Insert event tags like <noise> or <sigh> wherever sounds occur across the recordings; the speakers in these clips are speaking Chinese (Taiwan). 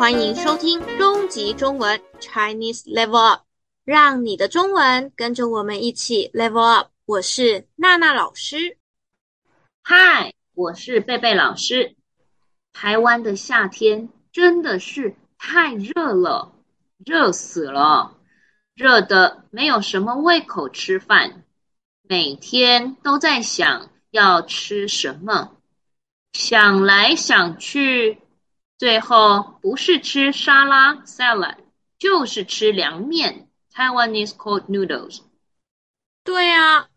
歡迎收聽終極中文 Chinese Level Up，讓你的中文跟着我們一起 Level Up。我是娜娜老師。嗨，我是貝貝老師。台灣的夏天真的是太熱了，熱死了，熱得沒有什麼胃口吃飯，每天都在想要吃什麼，想來想去。最後不是吃沙拉 （salad），就是吃涼麵台灣 i s c a l l e d noodles）。對啊，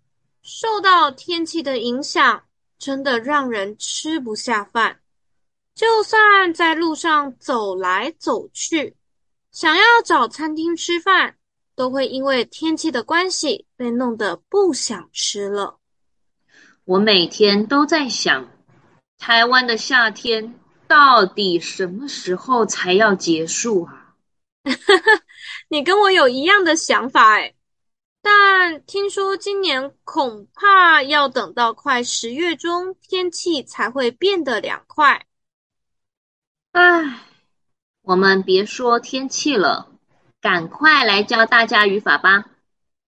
受到天氣的影響，真的讓人吃不下飯。就算在路上走來走去，想要找餐廳吃飯，都會因為天氣的關係被弄得不想吃了。我每天都在想，台灣的夏天。到底什麼時候才要結束啊？ <laughs> 你跟我有一樣的想法哎，但聽說今年恐怕要等到快十月中，天氣才會變得涼快。哎，我們別說天氣了，趕快來教大家語法吧！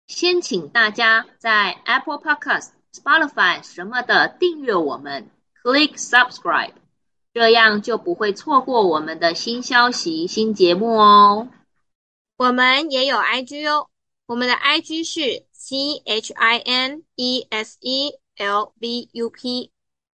先請大家在 Apple Podcast、Spotify 什麼的訂閱我們，Click Subscribe。這樣就不會錯過我們的新消息、新節目哦。我們也有 IG 哦，我們的 IG 是 C H I N E S E L V U P，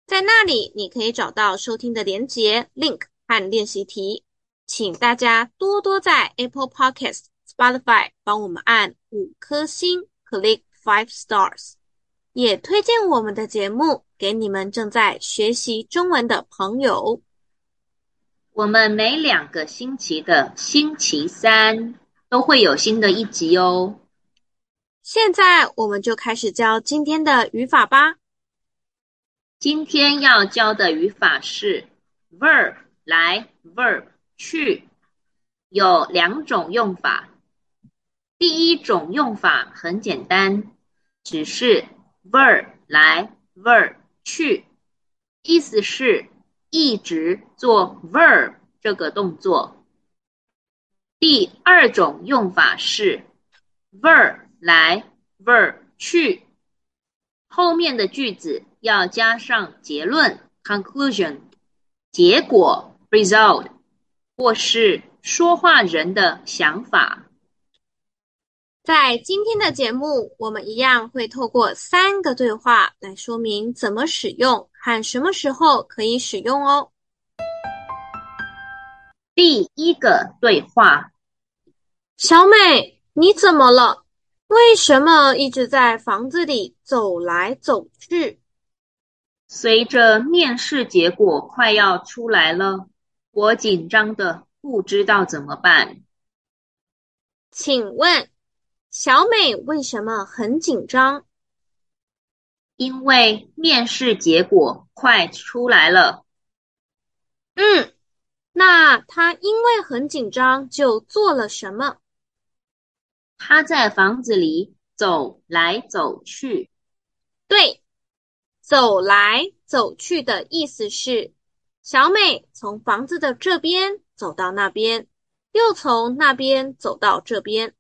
在那裡你可以找到收聽的鏈接 link 和練習題。請大家多多在 Apple Podcasts Spotify 幫我們按五顆星，click five stars。也推薦我們的節目給你們正在學習中文的朋友。我們每兩個星期的星期三都會有新的一集哦。現在我們就開始教今天的語法吧。今天要教的語法是 verb 來 verb 去，有兩種用法。第一種用法很簡單，只是。Verb 來 Verb 去，意思是一直做 Verb 這個動作。第二種用法是 Verb 來 Verb 去，後面的句子要加上結論 Conclusion、結果 Result 或是說話人的想法。在今天的節目，我們一樣會透過三個對話來說明怎麼使用和什麼時候可以使用哦。第一個對話：小美，你怎麼了？為什麼一直在房子裡走來走去？隨着面試結果快要出來了，我緊張得不知道怎麼辦。請問？小美為什麼很緊張？因為面試結果快出來了。嗯，那她因為很緊張就做了什麼？她在房子裡走來走去。對，走來走去的意思是，小美從房子的這邊走到那邊，又從那邊走到這邊。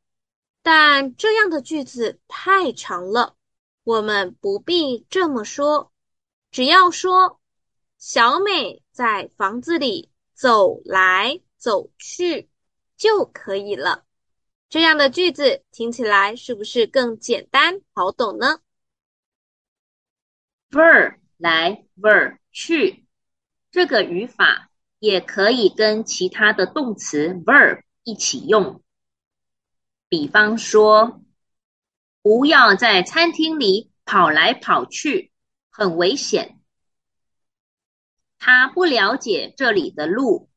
但這樣的句子太長了，我們不必這麼說，只要說小美在房子裡走來走去就可以了。這樣的句子聽起來是不是更簡單好懂呢？V 來 V 去，這個語法也可以跟其他的動詞 verb 一起用。比方說，不要在餐廳裡跑來跑去，很危險。他不了解這裡的路，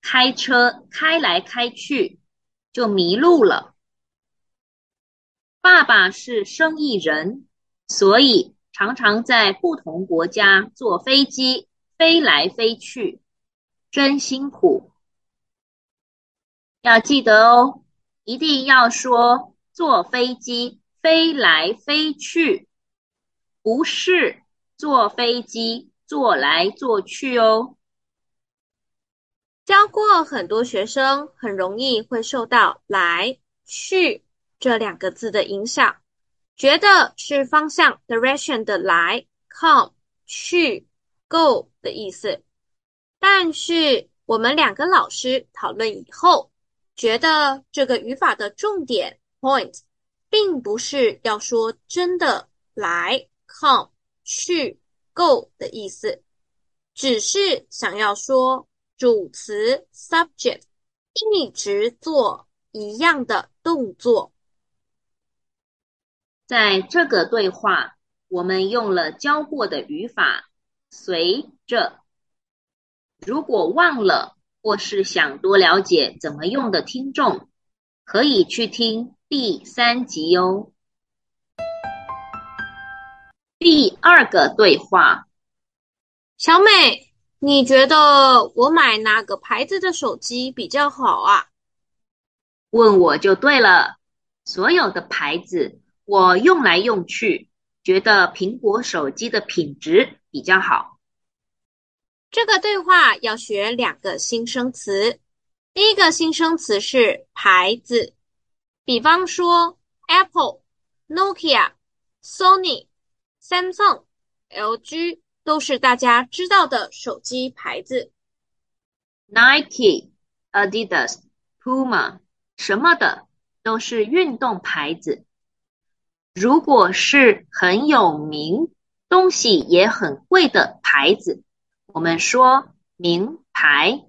開車開來開去就迷路了。爸爸是生意人，所以常常在不同國家坐飛機飛來飛去，真辛苦。要記得哦。一定要說坐飛機飛來飛去，不是坐飛機坐來坐去哦。教過很多學生，很容易會受到“來去”這兩個字的影響，覺得是方向 （direction） 的“來 （come）”、“去 （go）” 的意思。但是我們兩個老師討論以後。覺得這個語法的重點 point 並不是要說真的來 come 去 go 的意思，只是想要說主詞 subject 一直做一樣的動作。在這個對話，我們用了教過的語法，隨着如果忘了，或是想多了解怎麼用的聽眾，可以去聽第三集喲、哦。第二個對話：小美，你覺得我買哪個牌子的手機比較好啊？問我就對了。所有的牌子，我用來用去，覺得蘋果手機的品質比較好。這個對話要學兩個新生詞，第一個新生詞是牌子，比方說 Apple、Nokia、Sony、Samsung、LG 都是大家知道的手機牌子，Nike、Adidas、Puma 什麼的都是運動牌子。如果是很有名，東西也很貴的牌子，我們說名牌，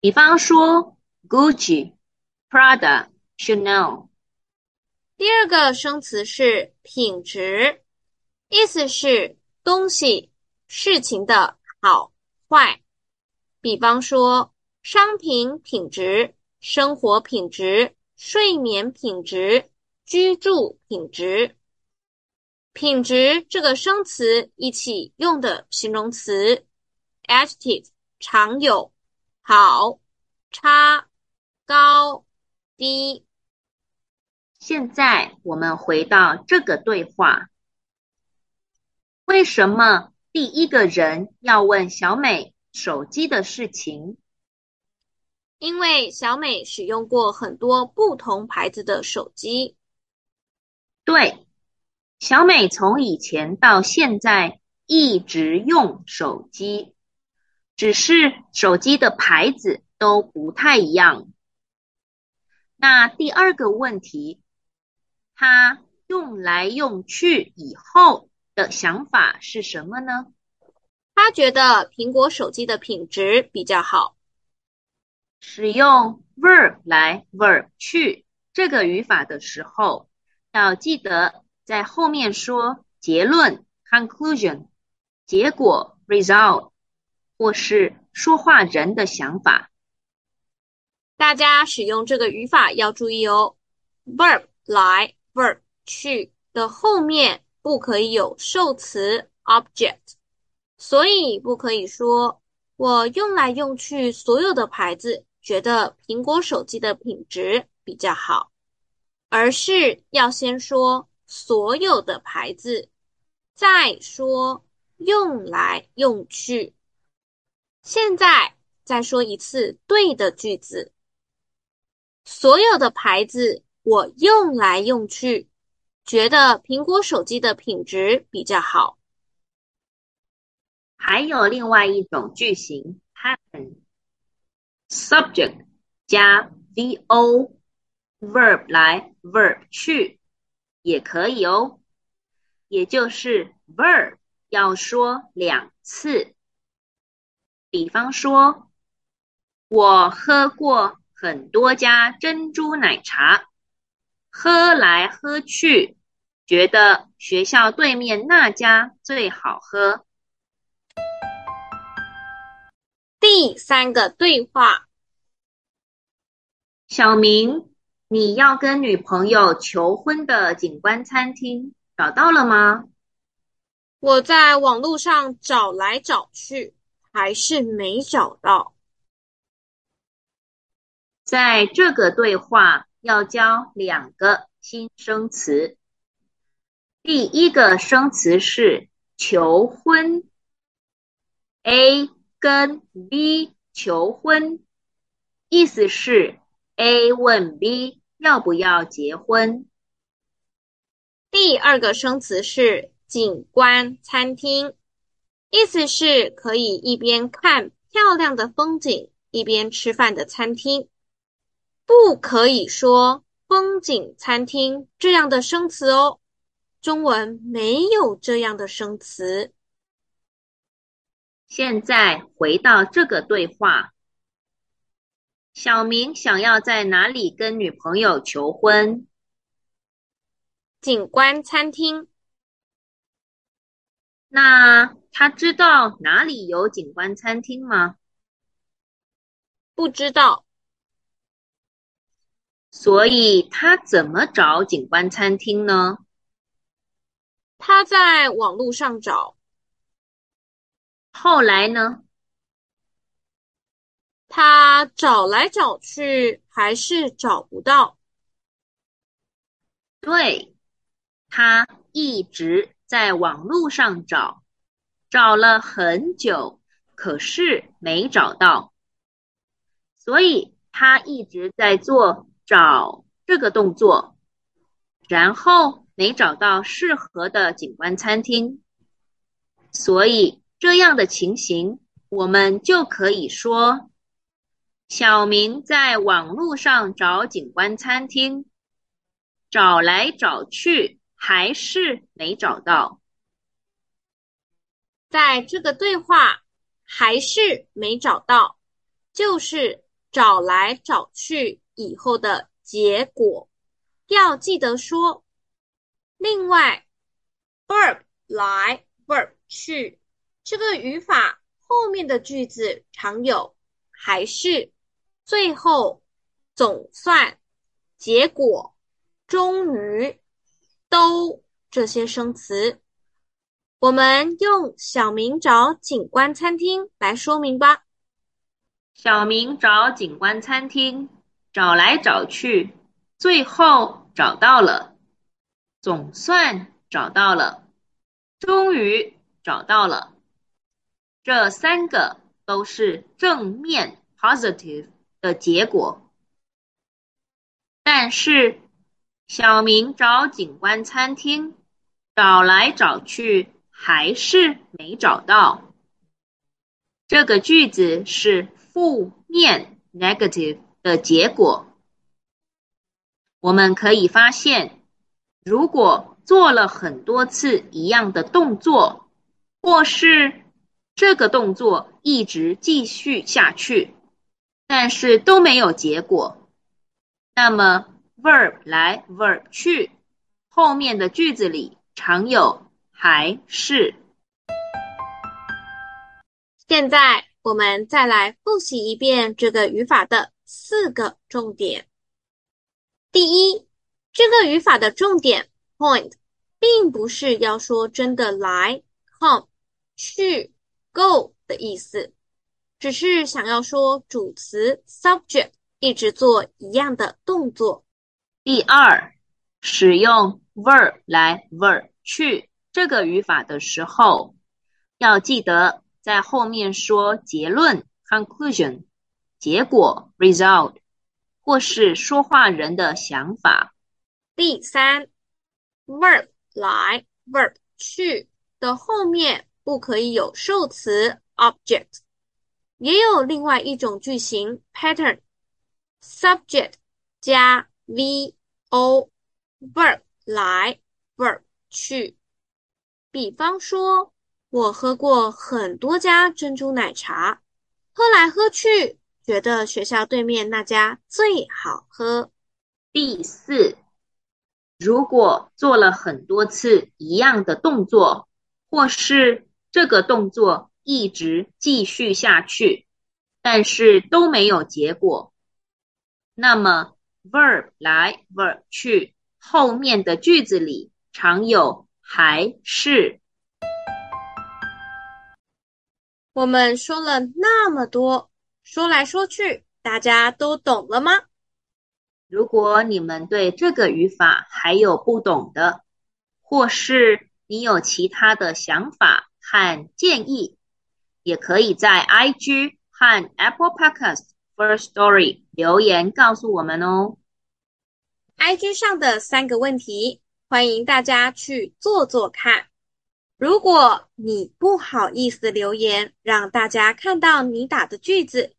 比方說 Gucci、Prada、Chanel。第二個生詞是品質，意思是東西、事情的好壞。比方說商品品質、生活品質、睡眠品質、居住品質。品質這個生詞一起用的形容詞 adjective 常有好、差、高、低。現在我們回到這個對話，為什麼第一個人要問小美手機的事情？因為小美使用過很多不同牌子的手機。對。小美從以前到現在一直用手機，只是手機的牌子都不太一樣。那第二個問題，她用來用去以後的想法是什麼呢？她覺得蘋果手機的品質比較好。使用 verb 來 verb 去這個語法的時候，要記得。在後面說結論 conclusion、結果 result，或是說話人的想法，大家使用這個語法要注意哦。Verb 來 Verb 去的後面不可以有受詞 object，所以不可以說我用來用去所有的牌子，覺得蘋果手機的品質比較好，而是要先說。所有的牌子，再說用來用去。現在再說一次對的句子：所有的牌子我用來用去，覺得蘋果手機的品質比較好。還有另外一種句型：happen subject 加 V O verb 來 verb 去。也可以哦，也就是味 e r 要說兩次。比方說，我喝過很多家珍珠奶茶，喝來喝去，覺得學校對面那家最好喝。第三個對話，小明。你要跟女朋友求婚的景觀餐廳找到了嗎？我在網路上找來找去，還是沒找到。在這個對話要教兩個新生詞，第一個生詞是求婚。A 跟 B 求婚，意思是 A 問 B。要不要結婚？第二個生詞是景觀餐廳，意思是可以一邊看漂亮的風景，一邊吃飯的餐廳。不可以說風景餐廳這樣的生詞哦，中文沒有這樣的生詞。現在回到這個對話。小明想要在哪裡跟女朋友求婚？景觀餐廳。那他知道哪裡有景觀餐廳嗎？不知道。所以他怎麼找景觀餐廳呢？他在網絡上找。後來呢？他找來找去還是找不到？對，他一直在網路上找，找了很久，可是沒找到，所以他一直在做找這個動作，然後沒找到適合的景觀餐廳，所以這樣的情形，我們就可以說。小明在網絡上找景觀餐廳，找來找去還是沒找到。在這個對話還是沒找到，就是找來找去以後的結果。要記得說，另外，verb 來 verb 去，這個語法後面的句子常有還是。最後、總算、結果、終於，都這些生詞，我們用小明找景觀餐廳來說明吧。小明找景觀餐廳，找來找去，最後找到了，總算找到了，終於找到了。這三個都是正面 （positive）。的結果，但是小明找景觀餐廳找來找去，還是沒找到。這個句子是負面 （negative） 的結果。我們可以發現，如果做了很多次一樣的動作，或是這個動作一直繼續下去。但是都沒有結果，那麼 verb 來 verb 去後面的句子裡常有還是。現在我們再來複習一遍這個語法的四個重點。第一，這個語法的重點 point 並不是要說真的來 come 去 go 的意思。只是想要說主詞 subject 一直做一樣的動作。第二，使用 verb 來 verb 去這個語法的時候，要記得在後面說結論 conclusion、結果 result 或是說話人的想法。第三，verb 來 verb 去的後面不可以有受詞 object。也有另外一種句型：pattern subject 加 V O verb 來 verb 去。比方說，我喝過很多家珍珠奶茶，喝來喝去，覺得學校對面那家最好喝。第四，如果做了很多次一樣的動作，或是這個動作。一直繼續下去，但是都沒有結果。那麼，verb 來 verb 去後面的句子裡常有還是。我們說了那麼多，說來說去，大家都懂了嗎？如果你們對這個語法還有不懂的，或是你有其他的想法和建議，也可以在 IG 和 Apple Podcast Firstory 留言告訴我們哦。IG 上的三個問題，歡迎大家去做做看。如果你不好意思留言，讓大家看到你打的句子，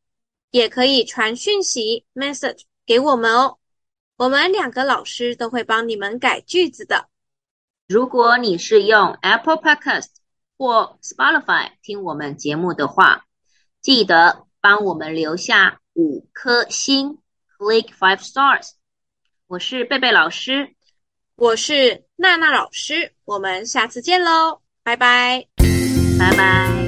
也可以傳訊息 message 給我們哦。我們兩個老師都會幫你們改句子的。如果你是用 Apple Podcast，或 Spotify 聽我們節目的話，記得幫我們留下五顆星，Click five stars。我是貝貝老師，我是娜娜老師，我們下次見嘍，拜拜，拜拜。